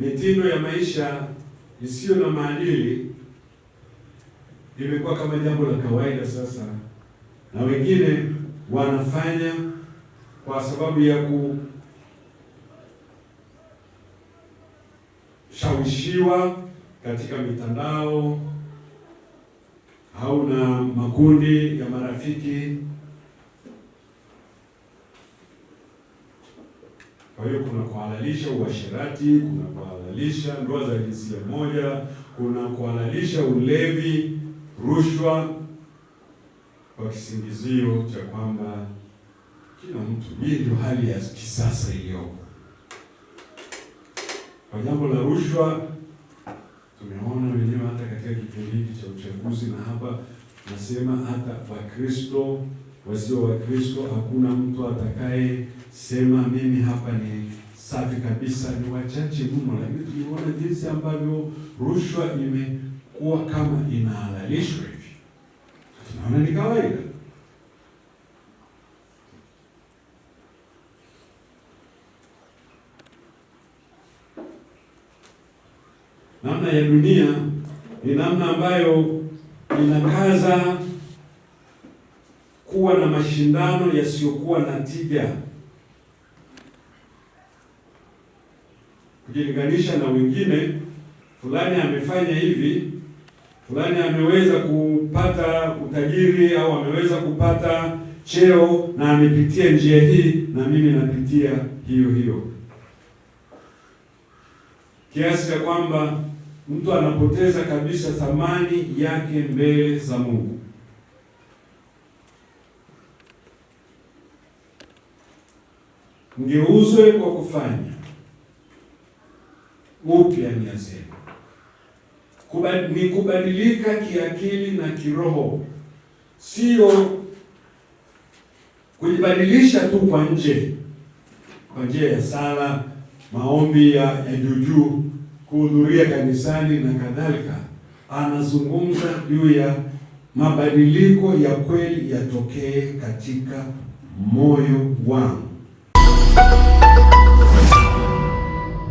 mitindo ya maisha isiyo na maadili imekuwa kama jambo la kawaida sasa, na wengine wanafanya kwa sababu ya kushawishiwa katika mitandao au na makundi ya marafiki Kwa hiyo kuna kuhalalisha uasherati, kuna kuhalalisha ndoa za jinsia moja, kuna kuhalalisha ulevi, rushwa, kwa kisingizio cha kwamba kila mtu, hii ndio hali ya kisasa iliyopo. Kwa jambo la rushwa tumeona wenyewe hata katika kipindi hiki cha uchaguzi, na hapa nasema hata Wakristo wasio wa Kristo, hakuna mtu atakaye sema mimi hapa ni safi kabisa, ni wachache mno. Lakini tuliona jinsi ambavyo rushwa imekuwa kama inahalalishwa hivi, tunaona ni kawaida. Namna ya dunia ni namna ambayo inakaza kuwa na mashindano yasiyokuwa na tija kujilinganisha na wengine, fulani amefanya hivi, fulani ameweza kupata utajiri au ameweza kupata cheo na amepitia njia hii, na mimi napitia hiyo hiyo, kiasi cha kwamba mtu anapoteza kabisa thamani yake mbele za Mungu. mgeuzwe kwa kufanya upya nia zenu. Ni kubadilika kiakili na kiroho, sio kujibadilisha tu kwa nje, kwa njia ya sala, maombi ya juujuu, kuhudhuria kanisani na kadhalika. Anazungumza juu ya mabadiliko ya kweli yatokee katika moyo wangu.